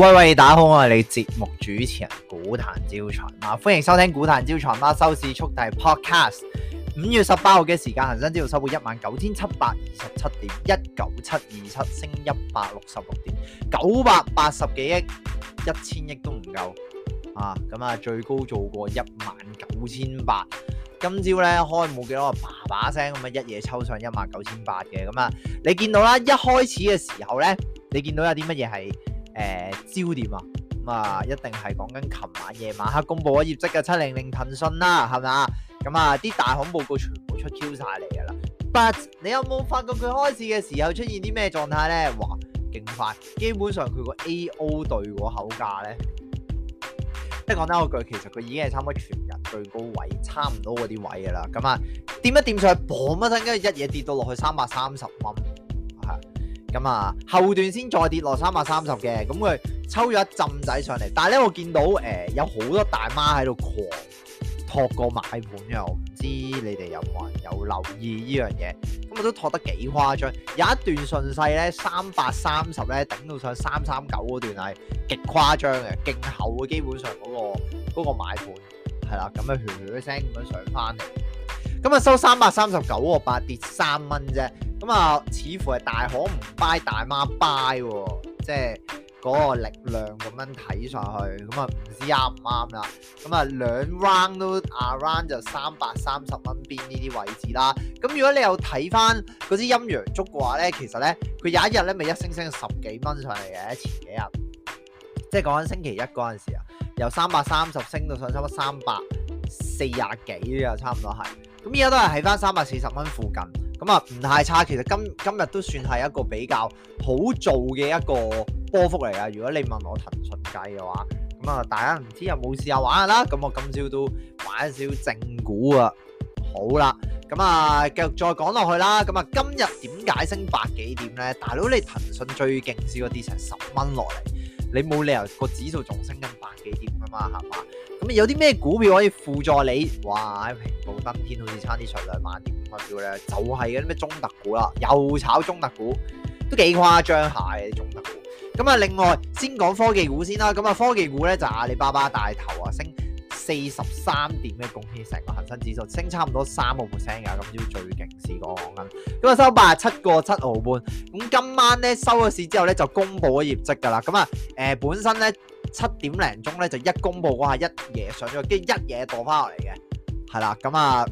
喂喂，大家好，我係你節目主持人股壇招財貓！歡迎收聽股壇招財貓，收市速遞 Podcast。五月十八號嘅時間，恒生指數收本一萬九千七百二十七點一九七二七，升一百六十六點九百八十幾億，一千億都唔夠啊！咁啊，最高做過一萬九千八，今朝咧開冇幾多，叭叭聲咁啊，一夜抽上一萬九千八嘅咁啊！你見到啦，一開始嘅時候咧，你見到有啲乜嘢係？誒、呃、焦點啊，咁、嗯、啊一定係講緊琴晚夜晚黑公布咗業績嘅七零零騰訊啦，係咪啊？咁啊啲大行報告全部出 Q 晒嚟噶啦。But 你有冇發覺佢開市嘅時候出現啲咩狀態咧？哇，勁快！基本上佢個 A O 對嘅口價咧，即係講翻嗰句，其實佢已經係差唔多全日最高位，差唔多嗰啲位噶啦。咁、嗯、啊，掂一掂上去，磅一聲，跟住一嘢跌到落去三百三十蚊。咁啊，後段先再跌落三百三十嘅。咁佢抽咗一浸仔上嚟，但係咧，我見到誒、呃、有好多大媽喺度狂托個買盤，因為，我唔知你哋有冇人有留意呢樣嘢，咁我都托得幾誇張，有一段順勢咧，三百三十咧頂到上三三九嗰段係極誇張嘅，勁厚嘅，基本上嗰、嗰個嗰、嗰個買盤係啦，咁樣噓噓聲咁樣上翻嚟。咁啊收三百三十九個八跌三蚊啫。咁啊，似乎係大可唔拜大媽拜喎，即係嗰個力量咁樣睇上去，咁啊唔知啱唔啱啦。咁啊兩 round 都啊 round 就三百三十蚊邊呢啲位置啦。咁如果你有睇翻嗰啲陰陽燭嘅話咧，其實咧佢有一日咧咪一升升十幾蚊上嚟嘅，前幾日，即係講緊星期一嗰陣時啊，由三百三十升到上差唔多三百四廿幾啊，差唔多係。咁而家都係喺翻三百四十蚊附近。咁啊，唔太差，其實今今日都算係一個比較好做嘅一個波幅嚟啊。如果你問我騰訊計嘅話，咁啊，大家唔知有冇試下玩下啦。咁我今朝都買少正股啊。好啦，咁啊，繼續再講落去啦。咁啊，今日點解升百幾點咧？大佬，你騰訊最勁少一啲，跌成十蚊落嚟，你冇理由個指數仲升緊百幾點噶嘛，係嘛？咁有啲咩股票可以輔助你？哇！平步登天，好似差啲上兩萬點五票呢，就係嗰啲咩中特股啦，又炒中特股，都幾誇張下嘅啲中特股。咁啊，另外先講科技股先啦。咁啊，科技股呢，就係阿里巴巴大頭啊升。四十三點嘅貢獻，成個恒生指數升差唔多三個 percent 噶，咁都最勁試過講緊。咁啊收八十七個七毫半。咁今晚咧收咗市之後咧就公佈咗業績噶啦。咁啊誒本身咧七點零鐘咧就一公佈嗰下一夜上咗，跟住一夜墮翻落嚟嘅，係啦。咁啊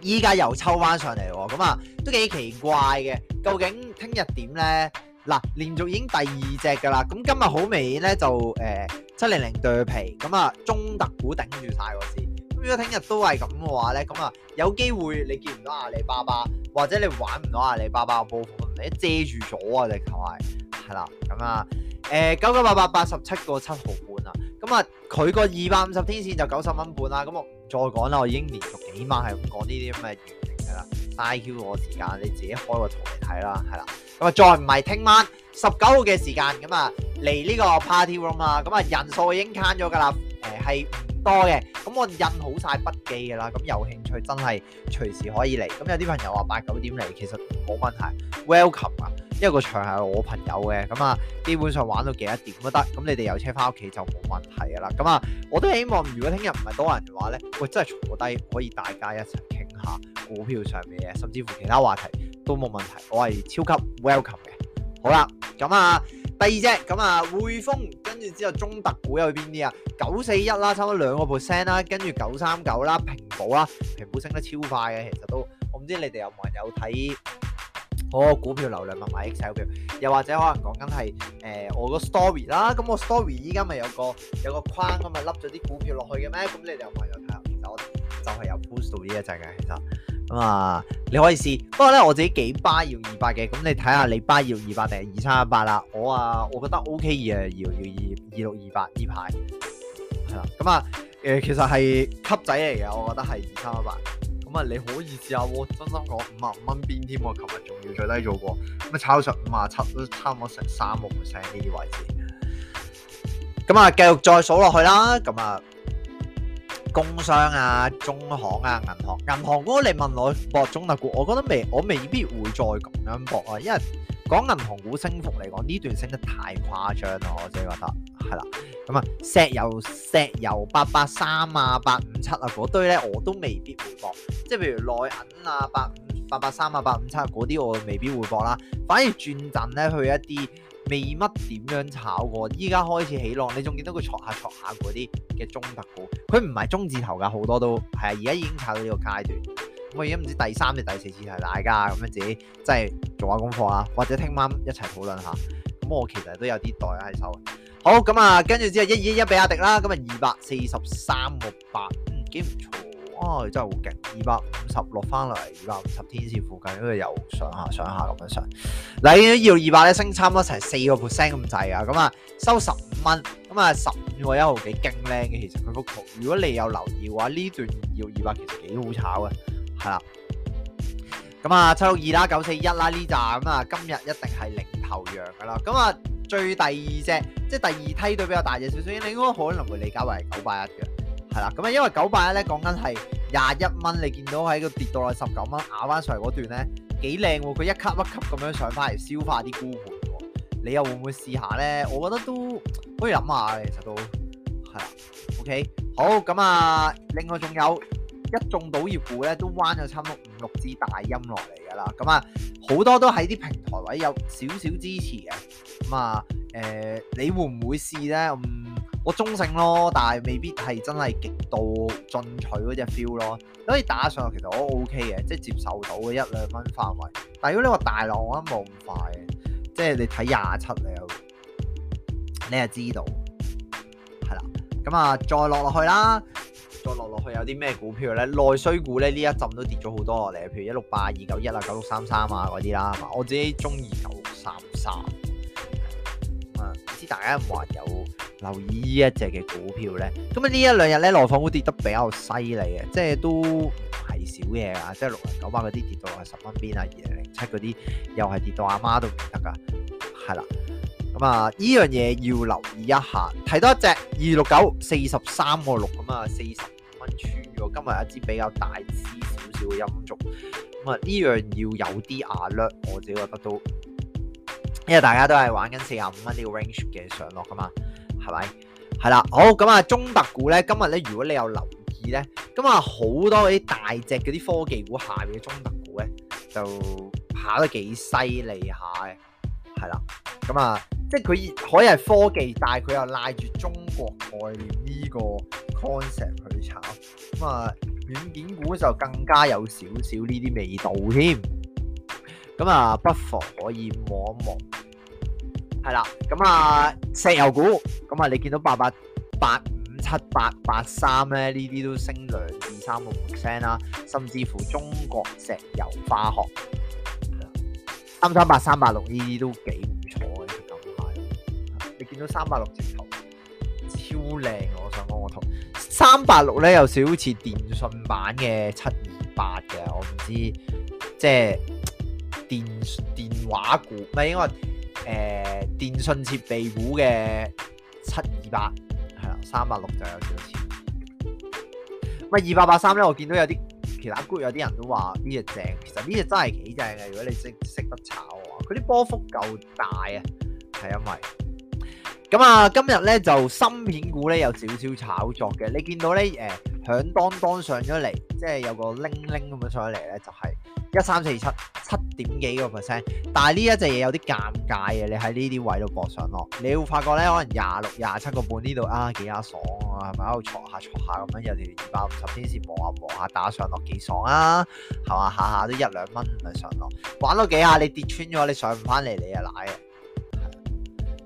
依家又抽翻上嚟喎。咁啊都幾奇怪嘅。究竟聽日點咧？嗱，連續已經第二隻噶啦。咁今日好明顯咧就誒。呃七零零對皮咁啊，就中特股頂住晒嗰支。咁如果聽日都係咁嘅話咧，咁啊有機會你見唔到阿里巴巴，或者你玩唔到阿里巴巴波，你遮住咗啊！我球迷係啦，咁啊，誒九九八八八十七個七毫半啊，咁啊佢個二百五十天線就九十蚊半啦。咁我唔再講啦，我已經連續幾晚係咁講呢啲咁嘅原型噶啦。嘥 Q 我的時間，你自己開個圖嚟睇啦，係啦。咁啊，再唔係聽晚。十九號嘅時間咁啊嚟呢個 party room 啊，咁啊人數已經 count 咗噶啦，誒係唔多嘅，咁我印好晒筆記噶啦，咁有興趣真係隨時可以嚟，咁有啲朋友話八九點嚟，其實冇問題，welcome 啊，因為個場係我朋友嘅，咁啊基本上玩到幾多點都得，咁你哋有車翻屋企就冇問題噶啦，咁啊我都希望如果聽日唔係多人嘅話咧，喂，我真係坐低可以大家一齊傾下股票上面嘅嘢，甚至乎其他話題都冇問題，我係超級 welcome 嘅。好啦，咁啊，第二隻咁啊，匯豐跟住之後中特股有邊啲啊？九四一啦，差唔多兩個 percent 啦，跟住九三九啦，平保啦，平保升得超快嘅，其實都我唔知你哋有冇人有睇我、哦、股票流量咪 Excel 票，又或者可能講緊係誒我個 story 啦，咁我 story 依家咪有個有個框，我咪凹咗啲股票落去嘅咩？咁你哋有冇人有睇？其實我就係有 post 到呢一隻嘅，其實。咁啊，你可以試，不過咧我自己幾巴要二百嘅，咁你睇下你巴要二百定係二三一八啦。我啊，我覺得 O K 二啊，要要二二六二八呢排係啦。咁啊，誒，其實係級仔嚟嘅，我覺得係二三一八。咁啊，你可以試下，我真心講五啊五蚊邊添，我琴日仲要最低做過，咁啊炒到五啊七，都差唔多成三個 percent 呢啲位置。咁啊，繼續再數落去啦，咁啊。工商啊，中行啊，銀行，銀行股你問我博中特股，我覺得未，我未必會再咁樣博啊，因為講銀行股升幅嚟講，呢段升得太誇張啦，我自己覺得係啦。咁啊、嗯，石油、石油八八三啊、八五七啊嗰堆咧，我都未必會博。即係譬如內銀啊、八五、八八三啊、八五七嗰啲，我未必會博啦。反而轉陣咧去一啲。未乜點樣炒過，依家開始起浪，你仲見到佢戳下戳下嗰啲嘅中特股，佢唔係中字頭噶好多都係啊，而家已經炒到呢個階段。我而家唔知第三定第四次係大家咁樣自己即係做下功課啊，或者聽晚一齊討論下。咁我其實都有啲袋喺手。好，咁啊，跟住之後一二一畀阿迪啦，咁啊二百四十三六八，嗯，幾唔錯。哦，真係好勁！二百五十六翻落嚟，二百五十天線附近，跟住又上下上下咁樣上。嗱，要二百咧升差唔多成四個 percent 咁滯啊！咁啊收十五蚊，咁啊十五個一毫幾勁靚嘅，其實佢幅圖。如果你有留意嘅話，呢段要二,二百其實幾好炒嘅，係啦。咁啊七六二啦，九四一啦呢站，咁啊今日一定係零頭陽噶啦。咁啊最第二隻，即係第二梯隊比較大隻少少，你應該可能會理解為九八一嘅。係啦，咁啊，因為九八一咧講緊係廿一蚊，你見到喺個跌到落去十九蚊咬彎上嚟嗰段咧幾靚喎，佢一級一級咁樣上翻嚟消化啲沽盤，你又會唔會試下咧？我覺得都可以諗下，其實都係啦。OK，好，咁啊，另外仲有一眾賭業股咧都彎咗差唔多五六支大陰落嚟噶啦，咁啊好多都喺啲平台位有少少支持嘅，咁啊誒、呃、你會唔會試咧？嗯我中性咯，但係未必係真係極度進取嗰隻 feel 咯。你可以打上去，去其實我都 O K 嘅，即係接受到嘅一兩蚊範圍。但係如果你話大浪，我覺得冇咁快嘅，即係你睇廿七你又，你又知道係啦。咁啊，再落落去啦，再落落去有啲咩股票咧？內需股咧呢一陣都跌咗好多落嚟，譬如一六八、二九一啊、九六三三啊嗰啲啦。我自己中意九六三三。不知道大家有冇話有留意呢一隻嘅股票咧？咁啊呢一兩日咧，內房股跌得比較犀利嘅，即係都唔係少嘢啊！即係六零九八嗰啲跌到係十蚊邊啊，二零零七嗰啲又係跌到阿媽，媽都唔記得噶，係啦。咁啊，呢樣嘢要留意一下。睇多一隻二六九四十三個六。咁啊，四十蚊穿咗，今日一支比較大支少少嘅陰燭。咁啊，呢樣要有啲眼略，我自己覺得都。因為大家都係玩緊四廿五蚊呢個 range 嘅上落㗎嘛，係咪？係啦，好，咁啊，那中特股咧，今日咧，如果你有留意咧，咁啊好多啲大隻嗰啲科技股下邊嘅中特股咧，就跑得幾犀利下嘅，係啦。咁啊，即係佢可以係科技，但係佢又拉住中國概念呢個 concept 去炒。咁啊，軟件股就更加有少少呢啲味道添。咁啊，不妨可以摸一摸，係啦。咁啊，石油股，咁啊，你見到八八八五七、八八三咧，呢啲都升兩至三個 percent 啦，甚至乎中國石油化學三三八、三八六呢啲都幾唔錯嘅，咁買。你見到三八六直頭，超靚！我想講個圖，三八六咧有少似電信版嘅七二八嘅，我唔知即係。電電話股唔係應該誒、呃、電信設備股嘅七二八係啦，三百六就有少少錢。咪二八八三咧，我見到有啲其他股，啊、有啲人都話呢隻正，其實呢隻真係幾正嘅。如果你識識得炒嘅話，佢啲波幅夠大啊，係因為咁啊。今日咧就芯片股咧有少少炒作嘅，你見到咧誒響當當上咗嚟，即係有個鈴鈴咁樣上咗嚟咧，就係、是。1, 3, 4, 7, 7. 一三四七七，點幾個 percent，但係呢一隻嘢有啲尷尬嘅，你喺呢啲位度博上落，你會發覺咧可能廿六廿七個半呢度啊幾下爽啊，係咪喺度挫下挫下咁樣有條二百五十天線磨下磨下打上落幾爽啊，係嘛下下都一兩蚊咪上落，玩到幾下你跌穿咗你上唔翻嚟，你啊瀨啊。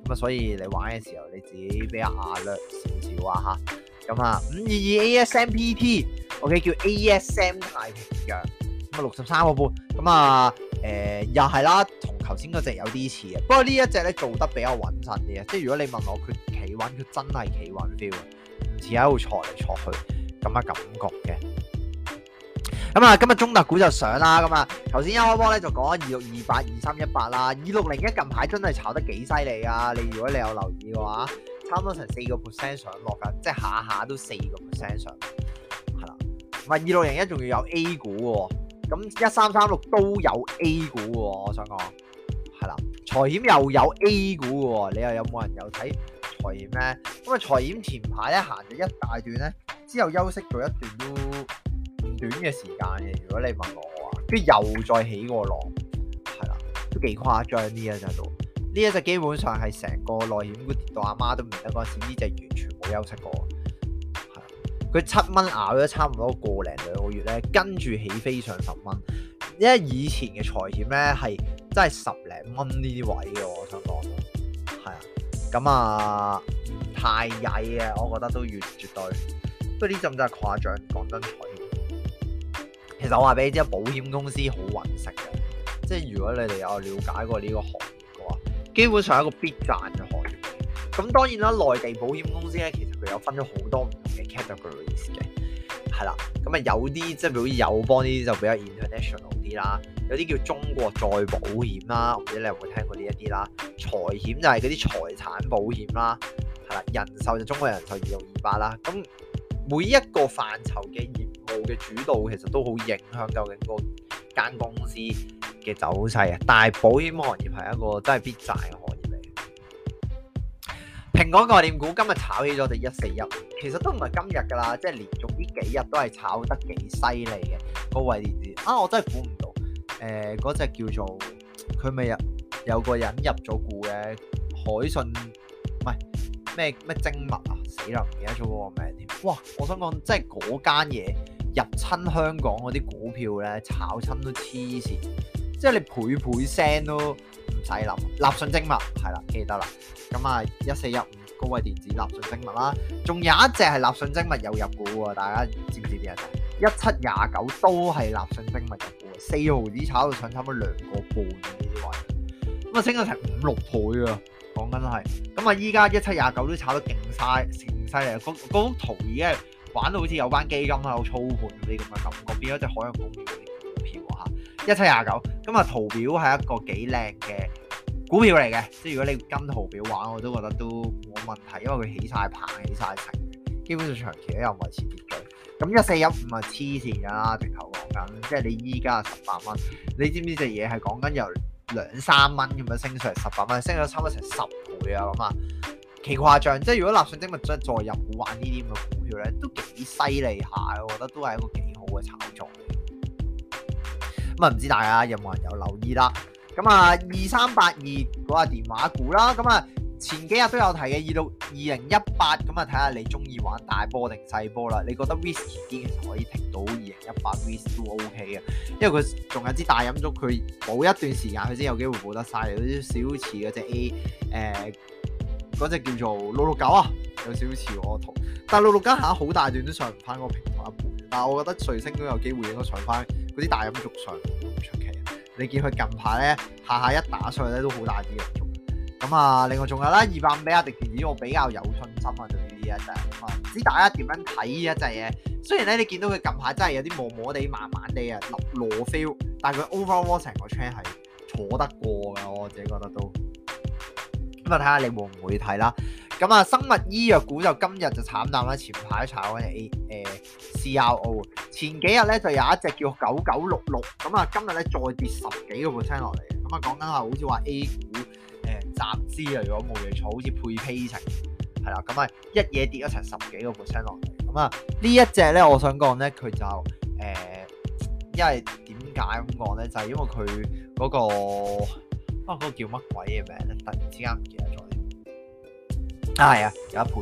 咁啊所以你玩嘅時候你自己比較眼略少少啊吓，咁啊五二二 A S M P T，OK 叫 A S M 太平洋。咁啊，六十三個半，咁啊，誒，又係啦，同頭先嗰隻有啲似啊。不過這一隻呢一隻咧做得比較穩陣啲啊，即係如果你問我佢企穩，佢真係企穩 feel，唔似喺度坐嚟坐去咁嘅感覺嘅。咁啊，今日中特股就上啦。咁啊，頭先一開波咧就講二六二八、二三一八啦，二六零一近排真係炒得幾犀利啊！你如果你有留意嘅話，差唔多成四個 percent 上落緊，即係下下都四個 percent 上，係啦，唔係二六零一仲要有 A 股喎。咁一三三六都有 A 股喎，我想講係啦，財險又有 A 股喎，你又有冇人有睇財險咧？咁啊，財險前排咧行咗一大段咧，之後休息咗一段都唔短嘅時間嘅。如果你問我啊，跟住又再起個浪，係啦，都幾誇張啲啊隻都，呢一隻基本上係成個內險跌到阿媽都唔得嗰陣時，呢、這、隻、個、完全冇休息過。佢七蚊咬咗差唔多，多，多個零兩個月咧，跟住起飛上十蚊，因為以前嘅財險咧係真係十零蚊呢啲位嘅，我想講，係啊，咁啊太曳啊，我覺得都要絕對，不過呢陣真係誇張，講真財險。其實我話俾你知，保險公司好穩食嘅，即係如果你哋有了解過呢個行業嘅話，基本上係一個必賺嘅行業。咁當然啦，內地保險公司咧，其實佢有分咗好多唔同。categories 嘅係啦，咁 啊樂有啲即係，比如友邦呢啲就比較 international 啲啦，有啲叫中國再保險啦，唔知你有冇聽過呢一啲啦？財險就係啲財產保險啦，係啦，人壽就中國人壽二六二八啦。咁每一個範疇嘅業務嘅主導，其實都好影響究竟個間公司嘅走勢啊。但係保險行業係一個真係必賺行業。講概念股今日炒起咗，就一四一，其實都唔係今日噶啦，即係連續呢幾日都係炒得幾犀利嘅高位跌止啊！我真係估唔到，誒、欸，嗰隻叫做佢咪入有個人入咗股嘅海信，唔係咩咩精密啊，死啦，唔記得咗個名添。哇，我想講，即係嗰間嘢入侵香港嗰啲股票咧，炒親都黐線，即係你倍倍聲都唔使諗。立訊精密係啦，記得啦，咁啊一四一高位電子立訊精密啦，仲有一隻係立訊精密有入股喎，大家知唔知啲人？一七廿九都係立訊精密入股，四毫子炒到上差唔多兩個半呢啲位，咁啊升咗成五六倍啊，講緊係。咁啊依家一七廿九都炒得勁晒，成犀利嗰幅圖已經玩到好似有班基金喺度操盤嗰啲咁嘅感覺，變咗隻海洋公園嗰啲股票啊一七廿九，咁啊圖表係一個幾靚嘅。股票嚟嘅，即係如果你跟圖表玩，我都覺得都冇問題，因為佢起晒棚、起晒層，基本上長期都有維持跌嘅。咁一四一五係黐線㗎啦，直頭講緊，即係你依家十八蚊，你知唔知隻嘢係講緊由兩三蚊咁樣升上嚟十八蚊，升咗差唔多成十倍啊咁啊，奇誇張！即係如果納稅者咪再入股玩呢啲咁嘅股票咧，都幾犀利下，我覺得都係一個幾好嘅炒作。咁啊，唔知大家有冇人有留意啦？咁啊，二三八二嗰個電話股啦，咁啊前幾日都有提嘅二到二零一八，咁啊睇下你中意玩大波定細波啦。你覺得 whisky 啲其實可以停到二零一八 whisky 都 OK 嘅，因為佢仲有支大陰燭，佢冇一段時間佢先有機會冇得晒。嚟，欸，好似小似嗰隻 A，誒嗰隻叫做六六九啊，有小似我同但係六六九行好大段都上唔翻嗰個平台半，但係我覺得瑞聲都有機會應該上翻嗰啲大陰燭上。你見佢近排咧，下下一打上去咧都好大啲嘅，咁啊，另外仲有啦，二百五比亞迪電子我比較有信心啊，對於呢一隻咁啊，唔知大家點樣睇呢一隻嘢？雖然咧你見到佢近排真係有啲磨磨地、慢慢地啊，落落 feel，但係佢 overall w 成個 trend 係坐得過㗎，我自己覺得都。咁啊，睇下你會唔會睇啦？咁啊，生物醫藥股就今日就慘淡啦。前排炒嘅 A 誒、欸、CRO，前幾日咧就有一隻叫九九六六，咁啊今日咧再跌十幾個 percent 落嚟。咁啊講緊係好似話 A 股誒集資啊，如果冇嘢錯好似配批情係啦。咁係一嘢跌咗成十幾個 percent 落嚟。咁啊呢一隻咧，我想講咧，佢就誒、欸，因為點解咁講咧，就係、是、因為佢嗰、那個啊嗰、那個叫乜鬼嘅名咧，突然之間唔記得。係啊有是是有有，呃，有一配股，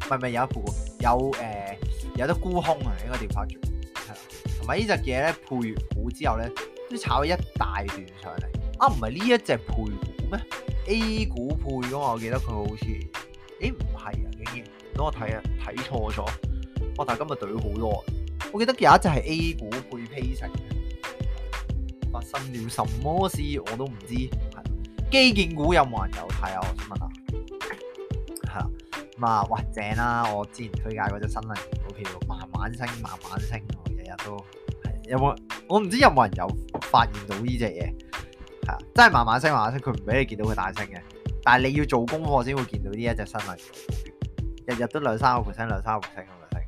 唔係唔係有一配股，有誒有得沽空啊，應該點法做？係啦，同埋呢隻嘢咧配完股之後咧，都炒咗一大段上嚟。啊，唔係呢一隻配股咩？A 股配噶嘛？我記得佢好似，誒唔係啊，竟然，等我睇啊睇錯咗。我、哦、但係今日懟咗好多，我記得有一隻係 A 股配披成嘅，發生了什麼事我都唔知。係，基建股有冇人有睇啊？我想問一下。咁啊，哇正啦，啊！我之前推介嗰隻新能股票，慢慢升，慢慢升，日日都有冇？我唔知有冇人有發現到呢隻嘢，係真係慢慢升，慢慢升，佢唔俾你見到佢大升嘅。但係你要做功課先會見到呢一隻新能股票，日日都兩三個 percent，兩三個 percent 咁樣升。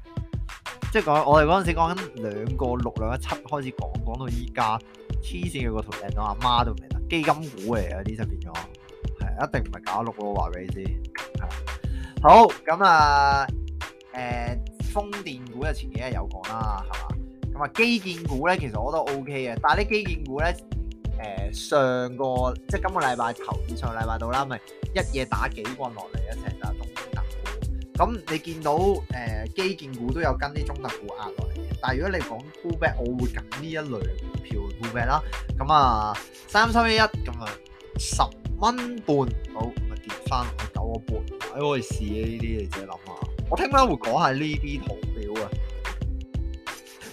即係講我哋嗰陣時講緊兩個六，兩個七開始講，講到依家，黐線佢個圖，連我阿媽都唔明啦。基金股嚟啊，呢就變咗，係一定唔係搞六咯，話俾你知。好，咁啊，誒，風電股就前幾日有講啦，係嘛？咁啊基建股咧，其實我都 OK 嘅，但係啲基建股咧，誒、呃、上個即係今個禮拜頭以上個禮拜到啦，咪、就是、一夜打幾棍落嚟一齊打中特股，咁你見到誒、呃、基建股都有跟啲中特股壓落嚟嘅，但係如果你講 pull back，我會揀呢一類股票 pull back 啦，咁啊三三一一咁啊十蚊半，好。跌翻九個半，你、哎、我以試嘅呢啲，你自己諗下。我聽晚會講下呢啲圖表啊，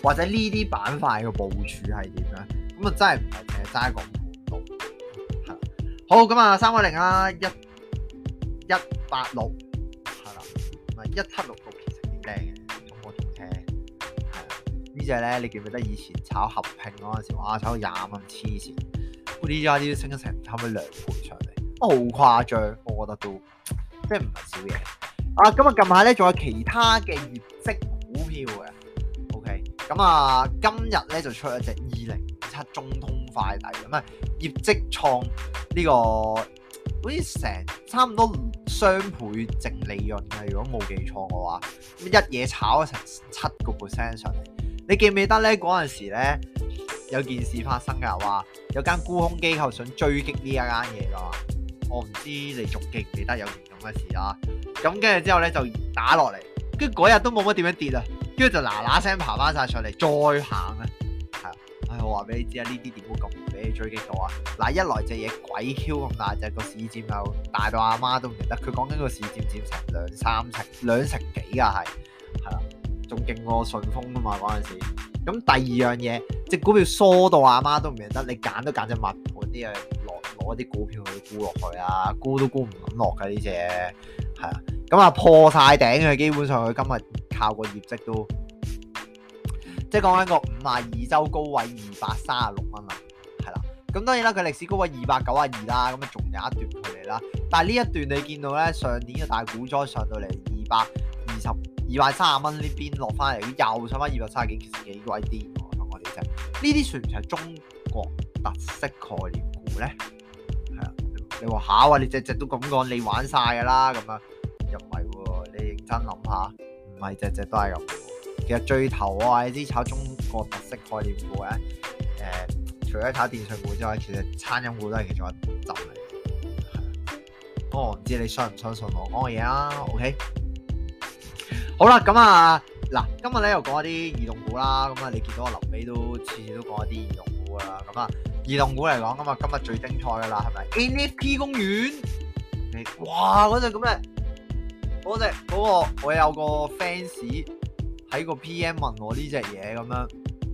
或者呢啲板塊嘅部署係點樣，咁啊真係唔係淨係齋講盤度。好，咁啊三位零啦，一一八六係啦，同埋一七六六其實靚嘅，個火車。呢隻咧，你記唔記得以前炒合拼嗰陣時，話，炒廿蚊黐線，呢家啲升咗成差唔多兩倍出嚟。好誇張，我覺得都即係唔係少嘢啊。今日近排咧，仲有其他嘅業績股票嘅。O K，咁啊，今日咧就出咗一隻二零二七中通快遞，咁啊，業績創呢、呢個好似成差唔多雙倍淨利潤嘅。如果冇記錯嘅話，一嘢炒咗成七個 percent 上嚟。你記唔記得咧？嗰陣時咧有件事發生㗎，話有間沽空機構想追擊呢一間嘢㗎。我唔知你仲記唔記得有件咁嘅事啦、啊，咁跟住之後咧就打落嚟，跟住嗰日都冇乜點樣跌啊，跟住就嗱嗱聲爬翻晒上嚟再行啊，係啊，唉我話俾你知啊，呢啲點會咁俾你追擊到啊？嗱一來隻嘢鬼竄咁大隻、就是、個市佔又大到阿媽，媽都唔認得，佢講緊個市佔佔成兩三成兩成幾啊係，係啊，仲勁過順豐啊嘛嗰陣時，咁第二樣嘢，隻股票縮到阿媽，媽都唔認得，你揀都揀隻物盤啲嘢。我啲股票都沽去沽落去啊，沽都估唔肯落嘅呢隻，係啊，咁啊破晒頂佢，基本上佢今日靠個業績都，即係講緊個五十二周高位二百三十六蚊啊，係啦，咁當然啦，佢歷史高位二百九啊二啦，咁啊仲有一段距離啦，但係呢一段你見到咧上年嘅大股災上到嚟二百二十二百三十蚊呢邊落翻嚟，又上翻二百卅幾，其實幾怪啲，同我哋啫，呢啲算唔算係中國特色概念股咧？你話吓哇？你只只都咁講，你玩晒噶啦咁樣，又唔係喎？你認真諗下，唔係只只都係咁。其實最頭啊啲炒中國特色概念股咧，誒、呃，除咗炒電信股之外，其實餐飲股都係其中一部分嚟。我唔知你相唔相信我講嘅嘢啦，OK？好啦，咁啊嗱，今日咧又講一啲移動股啦。咁啊，你見到我臨尾都次次都講一啲移動股噶啦，咁啊。移動股嚟講，今日最精彩噶啦，係咪？NFP 公園，你哇嗰隻咁嘅，嗰隻嗰個我有個 fans 喺個 PM 問我呢隻嘢咁樣，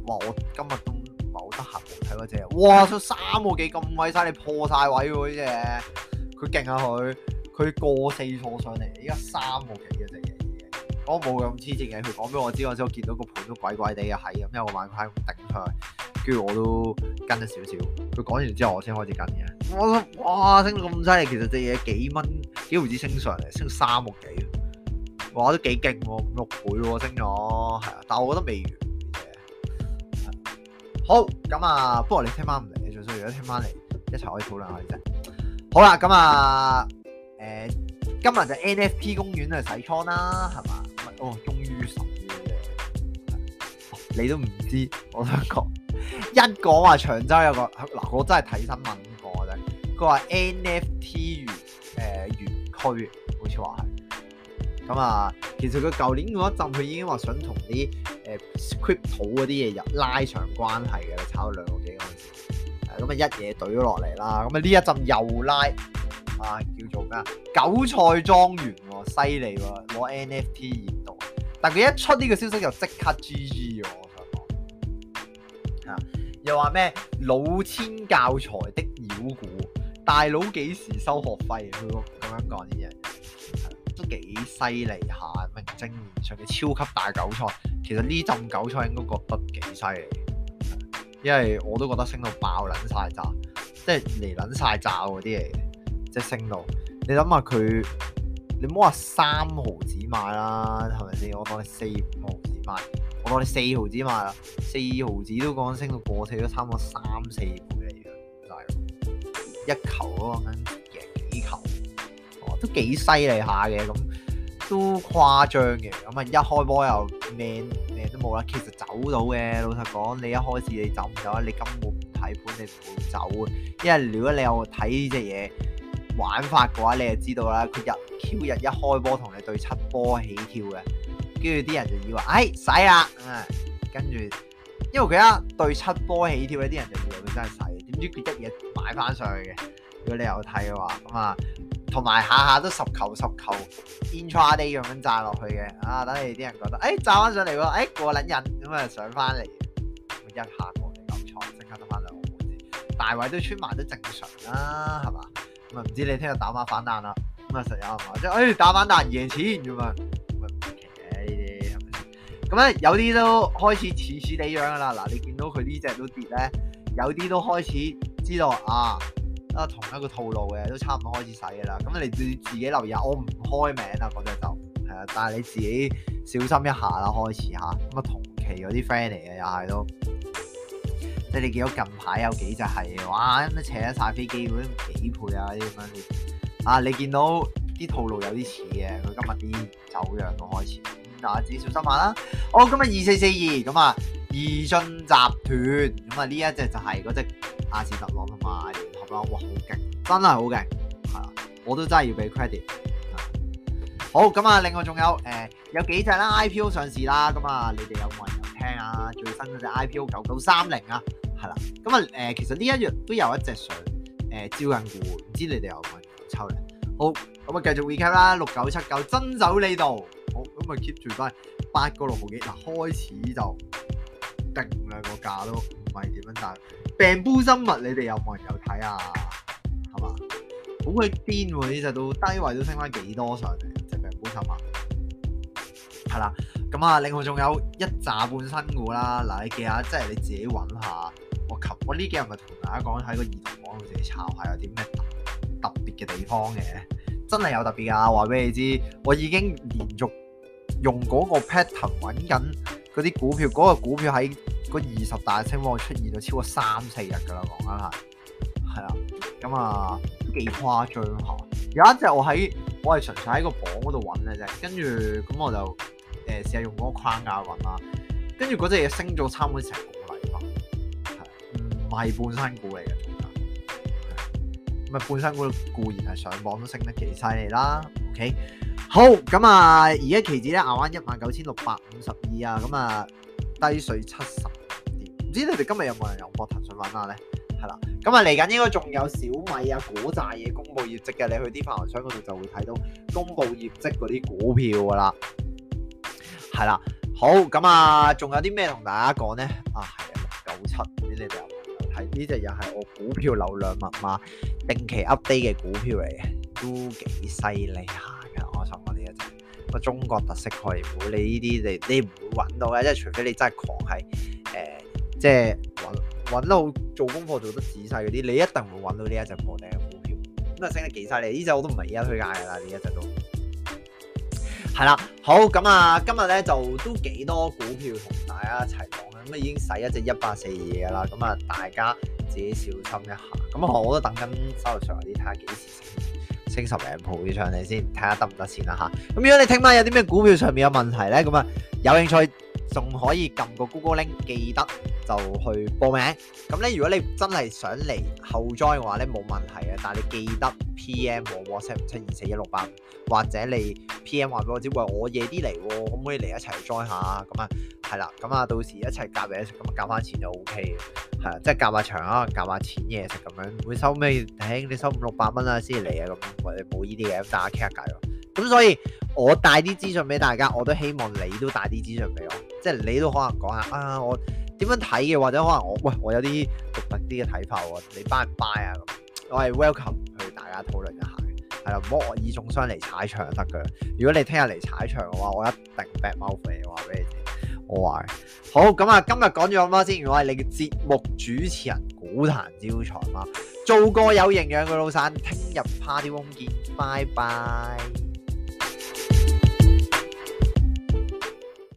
話我今日都唔係好得閒睇嗰隻，哇，出三個幾咁鬼晒，你破晒位喎呢隻，佢勁啊佢，佢過四錯上嚟，依家三個幾嘅隻嘢，我冇咁刺激，佢講俾我知道，我之後見到個盤都鬼鬼地嘅，喺咁，因為我買塊咁頂佢。我也跟我都跟咗少少，佢講完之後我先開始跟嘅。我諗哇，哇升到咁犀利，其實隻嘢幾蚊，幾毫子升上嚟，升三個幾，哇都幾勁喎，五六倍喎，升咗係啊，但係我覺得未完嘅、嗯。好，咁啊，不過你聽晚唔嚟，最衰，如果聽晚嚟，一齊可以討論下先。好啦，咁啊，誒、呃，今日就 NFP 公園去、就是、洗倉啦，係嘛？哦，終於十，你都唔知，我都覺。一講話長洲有個嗱，我真係睇新聞講嘅啫，佢話 NFT 園誒、呃、園區，好似話係咁啊。其實佢舊年嗰一陣，佢已經話想同啲誒 script 土嗰啲嘢入拉長關係嘅，你炒咗兩幾個幾嗰陣時，咁啊一嘢懟咗落嚟啦。咁啊呢一陣又拉啊叫做咩啊？韭菜莊園喎，犀利喎，攞 NFT 入到，但佢一出呢個消息就即刻 GG。又話咩老千教材的妖股，大佬幾時收學費？佢咁樣講嘢，都幾犀利下，名正言順嘅超級大韭菜。其實呢陣韭菜應該覺得幾犀利，因為我都覺得升到爆捻晒炸，即係嚟捻晒炸嗰啲嚟嘅，即係升到你諗下佢，你唔好話三毫子買啦，係咪先？我當四五毫子買。我講你四毫子買啦，四毫子都講升到過四都差唔多三四倍，一樣大，一球都講緊幾球，哦，都幾犀利下嘅，咁都誇張嘅，咁啊一開波又咩咩都冇啦，其實走到嘅，老實講，你一開始你走唔走啊？你根本睇盤你唔會走嘅，因為如果你有睇呢隻嘢玩法嘅話，你就知道啦，佢日 Q 日一開波同你對七波起跳嘅。跟住啲人就以為，哎，使啊！啊、嗯，跟住，因為佢一對七波起跳啲人就以為佢真係使，點知佢一嘢買翻上去嘅。如果你有睇嘅話，咁啊，同埋下下都十球十球，intraday 咁樣炸落去嘅。啊，等你哋啲人覺得，哎，炸翻上嚟喎，哎，過撚人，咁啊上翻嚟、嗯嗯，一下過嚟咁闖，即刻得翻兩毫子。大位都穿埋都正常啦，係嘛？咁啊唔知你聽日打翻反彈啦，咁啊有啱啊，即、嗯、係，哎，打反彈贏錢咁啊！咁咧，有啲都開始似似地樣噶啦。嗱，你見到佢呢隻都跌咧，有啲都開始知道啊，啊，同一個套路嘅，都差唔多開始使噶啦。咁你自自己留意，下，我唔開名啊，講就就係啊，但係你自己小心一下啦，開始嚇。咁啊，同期有啲 friend 嚟嘅又係咯，即、啊、係你見到近排有幾隻係哇，咁啊扯曬飛機嗰啲幾倍啊啲咁樣。啊，你見到啲套路有啲似嘅，佢今日啲走樣都開始。大家自己小心下啦。哦，今日二四四二，咁啊，易信集團，咁啊呢一隻就係嗰隻阿士特朗同埋聯合啦，哇，好勁，真係好勁，係啦，我都真係要俾 credit。好，咁啊，另外仲有誒、呃，有幾隻啦 IPO 上市啦，咁啊，你哋有冇人有聽啊？最新嗰隻 IPO 九九三零啊，係啦，咁啊誒，其實呢一樣都有一隻想誒招緊股，唔知你哋有冇人抽嘅？好，咁啊繼續 recap 啦，六九七九真走呢度。咁啊，keep 住翻八個六毫幾嗱，開始就定兩個價都唔係點樣，但病煲生物你哋有冇人有睇啊？係嘛？好鬼癲喎！呢隻都低位都升翻幾多上嚟，即、就係、病煲生物係啦。咁啊，另外仲有一紮半新股啦。嗱，你記下，即係你自己揾下。我琴我呢幾日咪同大家講喺個兒童股度自己查下有啲咩特別嘅地方嘅，真係有特別噶、啊。話俾你知，我已經連續，用嗰個 pattern 揾緊嗰啲股票，嗰、嗰個股票喺嗰二十大升幅出現咗超過三四日噶啦，講緊係，係啦，咁啊都幾誇張下，有一家隻我喺我係純粹喺個榜嗰度揾嘅啫，跟住咁我就誒、呃、試下用嗰個框架揾啦，跟住嗰隻嘢升咗差唔多成個禮物，唔係半新股嚟嘅，咁係半新股固然係上榜都升得幾犀利啦，OK。好咁啊！而家期指咧，亞灣一萬九千六百五十二啊，咁啊低水七十點。唔知你哋今日有冇人有博騰訊玩下咧？係啦，咁啊嚟緊應該仲有小米啊、股債嘢公佈業績嘅，你去啲發行商嗰度就會睇到公佈業績嗰啲股票噶啦。係啦，好咁啊，仲有啲咩同大家講咧？啊，係啊，六九七呢隻又睇呢隻又係我股票流量密碼定期 update 嘅股票嚟嘅，都幾犀利啊。個中國特色概念股，你呢啲你你唔會揾到嘅，即係除非你真係狂係誒，即係揾揾到做功課做得仔細嗰啲，你一定會揾到呢一隻破頂嘅股票。咁啊，升得幾犀利？呢隻我都唔係依家推介嘅啦，呢一隻都。係啦，好咁啊，今日咧就都幾多股票同大家一齊講。咁啊已經使一隻一八四二嘅啦。咁啊，大家自己小心一下。咁啊，我都等緊收到上嚟，睇下幾時。升十零以上嚟先，睇下得唔得先啦嚇。咁如果你聽晚有啲咩股票上面有問題咧，咁啊有興趣仲可以撳個 Google Link，記得就去報名。咁咧，如果你真係想嚟後 join 嘅話咧，冇問題嘅。但係你記得 PM 我 WhatsApp 七二四一六八，或者你 PM 話俾我知，喂，我夜啲嚟，可唔可以嚟一齊 join 下咁啊？係啦，咁啊，到時一齊夾嘢食，咁夾翻錢就 O K 嘅，係啦，即係夾下場啊，夾下錢嘢食咁樣，會收咩？聽、哎、你收五六百蚊啊，先嚟啊，咁或者冇呢啲嘢，大家傾下計咯。咁所以，我帶啲資訊俾大家，我都希望你都帶啲資訊俾我，即係你都可能講下啊，我點樣睇嘅，或者可能我喂我有啲獨特啲嘅睇法，你 buy 唔 buy 啊，我係 welcome 去大家討論一下嘅，係啦，唔好惡意中傷嚟踩場就得噶。如果你聽日嚟踩場嘅話，我一定劈貓鼻話俾你。好，咁啊，今日講咗咁多先。如果係你嘅節目主持人股壇招財貓，做個有營養嘅老散，聽日 party room 見，拜拜。